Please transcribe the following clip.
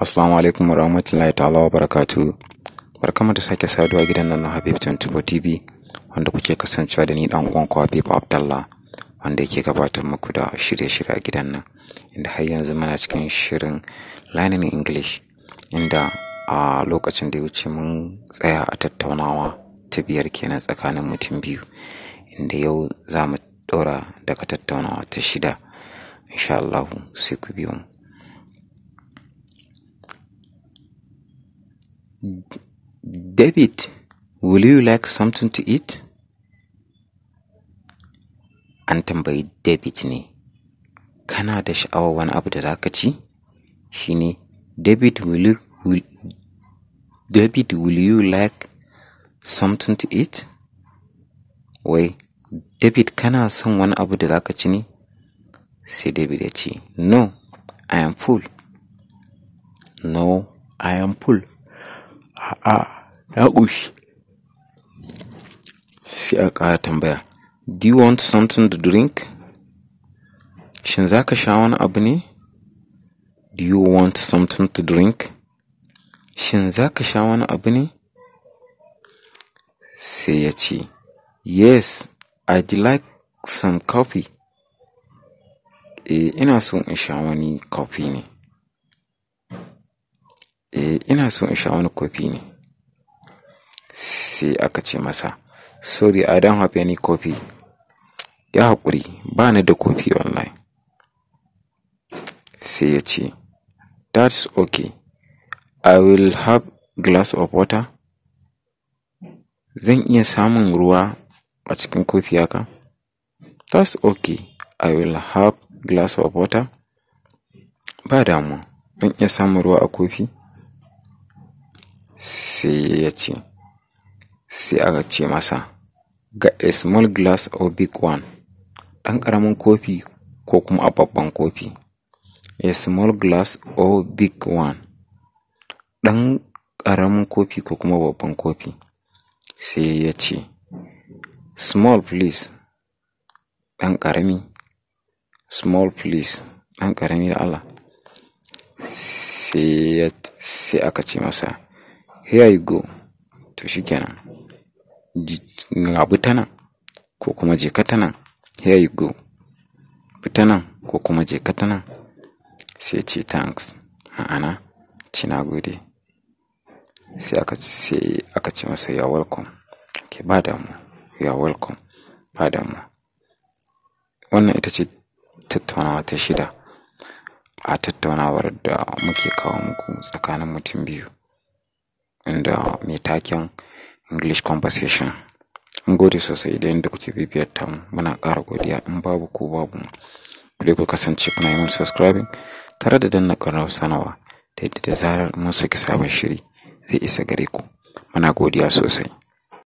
Assalamu alaikum wa rahmatullahi ta'ala wa barakatu. Barkamu da sake saduwa gidan nan na Habib 24 TV wanda kuke kasancewa da ni dan ku Habib Abdallah wanda yake gabatar muku da shirye-shirye a gidan nan inda har yanzu muna cikin shirin Learning English inda a lokacin da ya wuce mun tsaya a tattaunawa ta biyar kenan tsakanin mutum biyu inda yau za mu ɗora daga tattaunawa ta shida insha Allah sai ku biyo mu David, will you like something to eat? An tambayi David ne, kana da sha'awar wani abu da za ka ci? Shi ne, David, will you, will, David, will you like something to eat? Wai, David, kana son wani abu da za ka ci ne? Sai David ya ce, No, I am full. No, I am full. a'a na ƙushi sai a ƙara tambaya do you want something to drink shin za ka sha wani abu ne do you want something to drink shin za ka sha wani abu ne sai ya ce yes i'd like some coffee eh ina so in sha wani coffee ne eh ina so in sha wani kofi ne sai aka ce masa sorry i don't have any coffee ya haƙuri ba ni da kofi online. sai ya ce that's okay i will have glass of water zan iya samun ruwa a cikin kofi haka that's okay i will have glass of water ba damu zan iya samun ruwa a kofi sai ya ce sai aka ce masa ga a small glass or big one ɗan ƙaramin kofi ko kuma a babban kofi a small glass or big one ɗan ƙaramin kofi ko kuma babban kofi sai ya ce small please ɗan ƙarami small please ɗan ƙarami da Allah sai aka ce masa here you go to shikenan rabu ta nan ko kuma je ka ta nan here you go fita nan ko kuma je ka ta nan sai ce thanks ma'ana ci na gode sai aka sai aka ce masa ya welcome ke ba mu ya welcome ba mu wannan ita ce tattaunawa ta shida a tattaunawar da muke kawo muku tsakanin mutum biyu inda mai taken English Conversation. in gode sosai da yadda kuke bibiyar ta muna ƙara godiya in babu ko babu ku ku kasance kuna yi subscribing tare da danna ƙarar sanawa ta yadda da zarar mun saki sabon shiri zai isa gare ku. Muna godiya sosai.